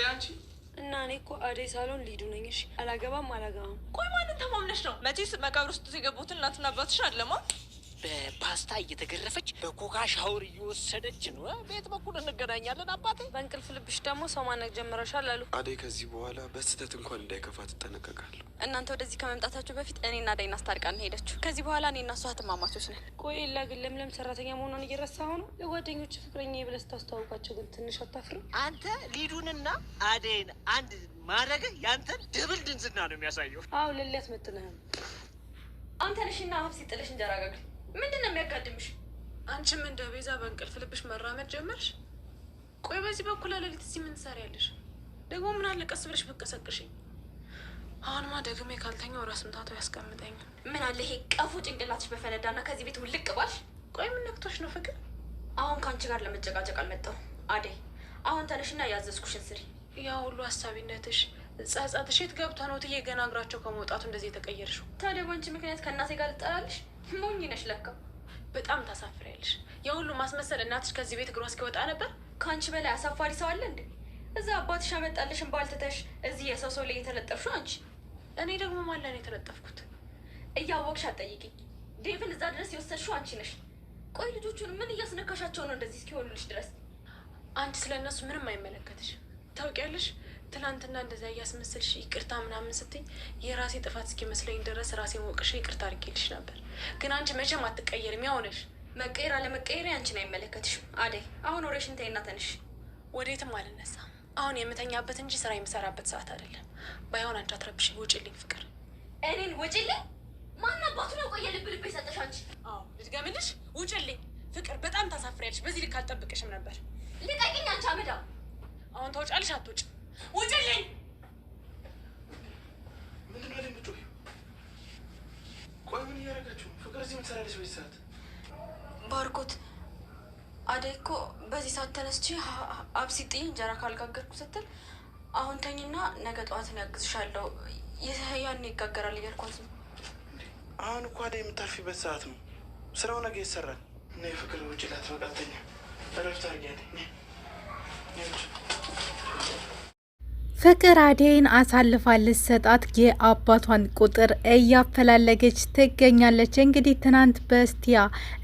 በይ አንቺ እና እኔ እኮ አደይ ሳሎን ሊዱ ነኝ። እሺ አላገባም አላገባም። ቆይ ማንን ተማምነሽ ነው? መቼስ መቃብር ውስጥ የገቡትን እናትና አባትሽ አለማ በፓስታ እየተገረፈች በኮካ ሻወር እየወሰደች ነው። ቤት በኩል እንገናኛለን። አባቴ በእንቅልፍ ልብሽ ደግሞ ሰው ማነቅ ጀምረሻል አሉ አደይ። ከዚህ በኋላ በስህተት እንኳን እንዳይከፋ ትጠነቀቃለሁ። እናንተ ወደዚህ ከመምጣታችሁ በፊት እኔና አደይ እናስታርቃን ሄደችሁ። ከዚህ በኋላ እኔና እሷ ትማማቾች ነን። ቆይ ላ ግን ለምለም ሰራተኛ መሆኗን እየረሳ ነው። ለጓደኞች ፍቅረኛ ብለህ ስታስተዋውቃቸው ግን ትንሽ አታፍርም? አንተ ሊዱንና አደይን አንድ ማድረግህ ያንተን ድብል ድንዝና ነው የሚያሳየው። አዎ ልል ያስመጥንህም አንተንሽና ሀብሲ ጥለሽ እንጀራ ጋግል ምንድን ነው የሚያጋድምሽ? አንቺም እንደ ቤዛ በእንቅልፍ ልብሽ መራመድ ጀመርሽ። ቆይ በዚህ በኩል አለሊት እዚህ ምን ትሰሪያለሽ? ደግሞ ምን አለ ቀስ ብለሽ ብትቀሰቅሽኝ። አሁንማ ደግሜ ካልተኛው ራስ ምታቱ ያስቀምጠኛል። ምን አለ ይሄ ቀፉ ጭንቅላትሽ በፈነዳና እና ከዚህ ቤት ውልቅ ባልሽ። ቆይ ምን ነክቶሽ ነው ፍቅር? አሁን ከአንቺ ጋር ለመጨቃጨቅ አልመጣው አደይ። አሁን ተነሽና ያዘዝኩሽን ስሪ። ያ ሁሉ ሀሳቢነትሽ ጸጸትሽ የት ገብቶ ነው ትዬ ገና እግራቸው ከመውጣቱ እንደዚህ የተቀየርሽው? ታዲያ በአንቺ ምክንያት ከእናቴ ጋር ልጠላልሽ? ሞኝ ነሽ ለካ። በጣም ታሳፍሪያለሽ። የሁሉ ማስመሰል እናትሽ ከዚህ ቤት እግሯ እስኪወጣ ነበር። ከአንቺ በላይ አሳፋሪ ሰው አለ እንዴ? እዛ አባትሽ አመጣልሽን ባልትተሽ እዚህ የሰው ሰው ላይ የተለጠፍሽው አንቺ። እኔ ደግሞ ማን ላይ ነው የተለጠፍኩት? እያወቅሽ አጠይቅኝ ዴቭን እዛ ድረስ የወሰድሽው አንቺ ነሽ። ቆይ ልጆቹን ምን እያስነካሻቸው ነው እንደዚህ እስኪሆኑልሽ ድረስ? አንቺ ስለ እነሱ ምንም አይመለከትሽ ታውቂያለሽ። ትላንትና እንደዚያ እያስመሰልሽ ይቅርታ ምናምን ስትይ የራሴ ጥፋት እስኪመስለኝ ድረስ ራሴን ወቅሽ ይቅርታ አድርጌልሽ ነበር። ግን አንቺ መቼም አትቀየርም። ያውነሽ መቀየር አለመቀየር አንቺን አይመለከትሽም። አደይ አሁን ወሬሽን ተይና ተንሽ። ወዴትም አልነሳም። አሁን የምተኛበት እንጂ ስራ የምሰራበት ሰዓት አይደለም። ባይሆን አንቺ አትረብሽ፣ ውጭልኝ ፍቅር፣ እኔን ውጭልኝ። ማን አባቱ ነው ቆየ ልብ ልብ የሰጠሽ አንቺ? አዎ ልድገምልሽ፣ ውጭልኝ ፍቅር። በጣም ታሳፍሪያለሽ። በዚህ ልክ አልጠብቅሽም ነበር። ልቀቂኝ አንቺ አመዳው። አሁን ተውጫልሽ አትውጭም ውጭልኝ! ምንድን ነው የምትጮይው? ቆይ ምን እያደረጋችሁ? ፍቅር እዚህ የምትሰራለች በዚህ ሰዓት? ባርኮት አደይ እኮ በዚህ ሰዓት ተነስቼ አብሲጥዬ እንጀራ ካልጋገርኩ ስትል አሁን ተኝና ነገ ጠዋትን ያግዝሻለሁ ያኔ ይጋገራል እያልኳት ነው። አሁን እኮ አደይ የምታርፊበት ሰዓት ነው። ስራው ነገ ይሰራል እና የፍቅር ውጭ ላት እረፍት አድርጊ ፍቅር አደይን አሳልፋ ልትሰጣት የአባቷን ቁጥር እያፈላለገች ትገኛለች። እንግዲህ ትናንት በስቲያ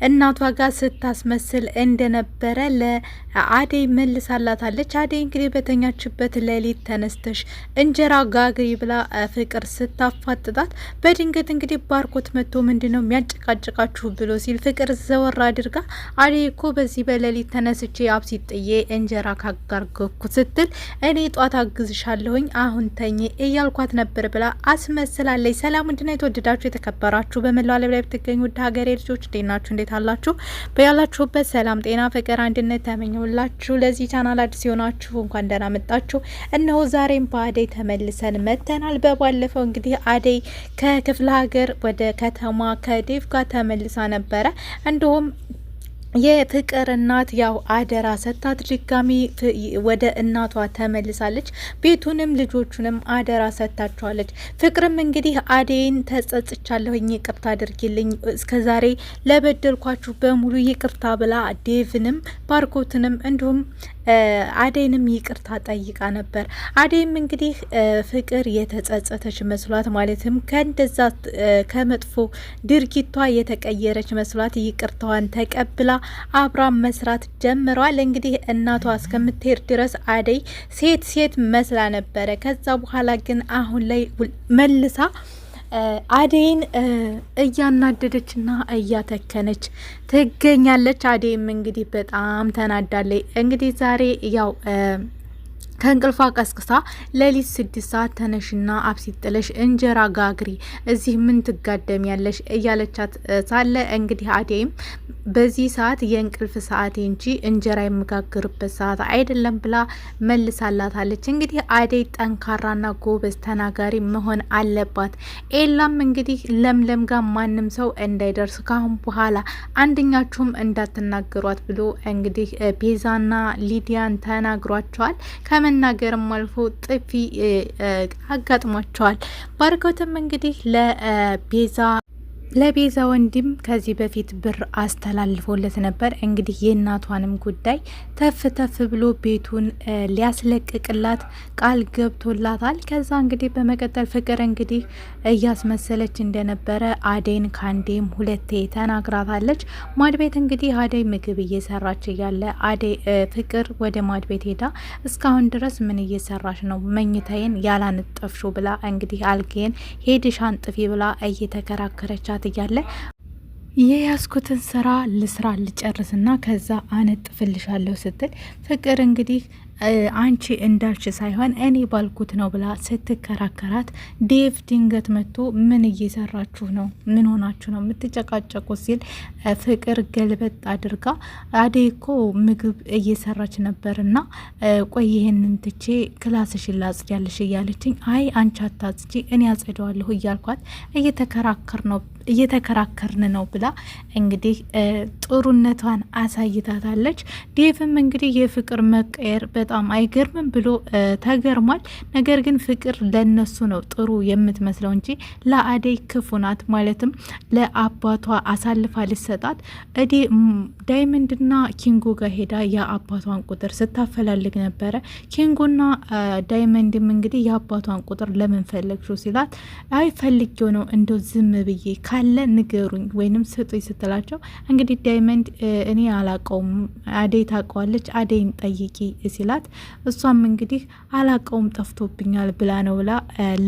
እናቷ ጋር ስታስመስል እንደነበረ ለአደይ መልሳላታለች። አደይ እንግዲህ በተኛችበት ሌሊት ተነስተሽ እንጀራ ጋግሪ ብላ ፍቅር ስታፋጥጣት በድንገት እንግዲህ ባርኮት መጥቶ ምንድን ነው የሚያጨቃጭቃችሁ ብሎ ሲል ፍቅር ዘወር አድርጋ አደይ እኮ በዚህ በሌሊት ተነስቼ አብሲጥዬ እንጀራ ካጋርገኩ ስትል እኔ ጧት አግዝሻ አለሁኝ አሁን ተኝ እያልኳት ነበር ብላ አስመስላለች። ሰላም እንድና የተወደዳችሁ የተከበራችሁ በመላው ዓለም ላይ ብትገኙ ውድ ሀገሬ ልጆች እንዴት ናችሁ? እንዴት አላችሁ? በያላችሁበት ሰላም፣ ጤና፣ ፍቅር፣ አንድነት ተመኘሁላችሁ። ለዚህ ቻናል አዲስ የሆናችሁ እንኳን ደህና መጣችሁ። እነሆ ዛሬም በአደይ ተመልሰን መጥተናል። በባለፈው እንግዲህ አደይ ከክፍለ ሀገር ወደ ከተማ ከዴቭ ጋር ተመልሳ ነበረ እንዲሁም የፍቅር እናት ያው አደራ ሰጥታት ድጋሚ ወደ እናቷ ተመልሳለች። ቤቱንም ልጆቹንም አደራ ሰጥታቸዋለች። ፍቅርም እንግዲህ አደይን ተጸጽቻለሁኝ፣ ይቅርታ አድርጊልኝ፣ እስከዛሬ ለበደልኳችሁ በሙሉ ይቅርታ ብላ ዴቭንም ባርኮትንም እንዲሁም አደይንም ይቅርታ ጠይቃ ነበር። አደይም እንግዲህ ፍቅር የተጸጸተች መስሏት ማለትም ከእንደዛ ከመጥፎ ድርጊቷ የተቀየረች መስሏት ይቅርታዋን ተቀብላ አብራም መስራት ጀምረዋል። እንግዲህ እናቷ እስከምትሄድ ድረስ አደይ ሴት ሴት መስላ ነበረ። ከዛ በኋላ ግን አሁን ላይ መልሳ አዴይን እያናደደችና እያተከነች ትገኛለች። አዴይም እንግዲህ በጣም ተናዳለች። እንግዲህ ዛሬ ያው ከእንቅልፏ ቀስቅሳ ሌሊት ስድስት ሰዓት ተነሽና አብሲት ጥለሽ እንጀራ ጋግሪ እዚህ ምን ትጋደም ያለሽ እያለቻት ሳለ እንግዲህ አደይም በዚህ ሰዓት የእንቅልፍ ሰዓቴ እንጂ እንጀራ የምጋግርበት ሰዓት አይደለም ብላ መልሳላታለች። እንግዲህ አደይ ጠንካራና ጎበዝ ተናጋሪ መሆን አለባት። ኤላም እንግዲህ ለምለም ጋር ማንም ሰው እንዳይደርስ ካሁን በኋላ አንደኛችሁም እንዳትናገሯት ብሎ እንግዲህ ቤዛና ሊዲያን ተናግሯቸዋል። ከመናገርም አልፎ ጥፊ አጋጥሟቸዋል። ባርኮትም እንግዲህ ለቤዛ ለቤዛ ወንድም ከዚህ በፊት ብር አስተላልፎለት ነበር። እንግዲህ የእናቷንም ጉዳይ ተፍ ተፍ ብሎ ቤቱን ሊያስለቅቅላት ቃል ገብቶላታል። ከዛ እንግዲህ በመቀጠል ፍቅር እንግዲህ እያስመሰለች እንደነበረ አደይን ካንዴም ሁለቴ ተናግራታለች። ማድ ቤት እንግዲህ አደይ ምግብ እየሰራች እያለ አደይ ፍቅር ወደ ማድ ሄዳ እስካሁን ድረስ ምን እየሰራች ነው? መኝታዬን ያላነጠፍሹ ብላ እንግዲህ አልጌን ሄድሽ አንጥፊ ብላ እየተከራከረቻት እያለ የያዝኩትን ስራ ልስራ ልጨርስና ከዛ አነጥፍልሻለሁ ስትል ፍቅር እንግዲህ አንቺ እንዳልች ሳይሆን እኔ ባልኩት ነው ብላ ስትከራከራት ዴቭ ድንገት መጥቶ ምን እየሰራችሁ ነው? ምን ሆናችሁ ነው የምትጨቃጨቁ? ሲል ፍቅር ገልበጥ አድርጋ አደይ እኮ ምግብ እየሰራች ነበር እና ቆይ ይህንን ትቼ ክላስሽን ላጽዳለሽ እያለችኝ፣ አይ አንቺ አታጽጂ እኔ አጸደዋለሁ እያልኳት እየተከራከር ነው እየተከራከርን ነው ብላ እንግዲህ ጥሩነቷን አሳይታታለች። ዴቭም እንግዲህ የፍቅር መቀየር በጣም አይገርምም ብሎ ተገርሟል። ነገር ግን ፍቅር ለነሱ ነው ጥሩ የምትመስለው እንጂ ለአደይ ክፉ ናት። ማለትም ለአባቷ አሳልፋ ልሰጣት እዴ ዳይመንድና ኪንጎ ጋር ሄዳ የአባቷን ቁጥር ስታፈላልግ ነበረ። ኪንጎና ዳይመንድም እንግዲህ የአባቷን ቁጥር ለምን ፈለግሽው ሲላት አይ ፈልጌው ነው እንደው ዝም ብዬ ካለ ንገሩኝ ወይንም ስጡኝ ስትላቸው እንግዲህ ዳይመንድ እኔ አላቀውም አደይ ታውቀዋለች አደይን ጠይቂ ሲላት ሲላት እሷም እንግዲህ አላቀውም ጠፍቶብኛል ብላ ነው ብላ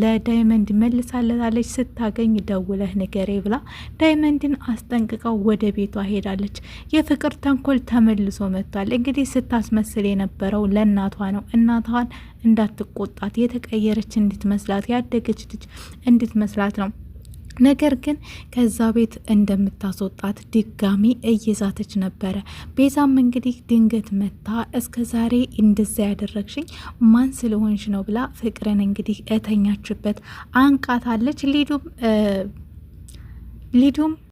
ለዳይመንድ መልሳለታለች። ስታገኝ ደውለህ ንገሬ ብላ ዳይመንድን አስጠንቅቀው ወደ ቤቷ ሄዳለች። የፍቅር ተንኮል ተመልሶ መጥቷል። እንግዲህ ስታስመስል የነበረው ለእናቷ ነው። እናቷን እንዳትቆጣት የተቀየረች እንድትመስላት ያደገች ልጅ እንድትመስላት ነው ነገር ግን ከዛ ቤት እንደምታስወጣት ድጋሚ እየዛተች ነበረ። ቤዛም እንግዲህ ድንገት መታ እስከ ዛሬ እንደዛ ያደረግሽኝ ማን ስለሆንሽ ነው ብላ ፍቅርን እንግዲህ እተኛችበት አንቃታለች። ሊዱም ሊዱም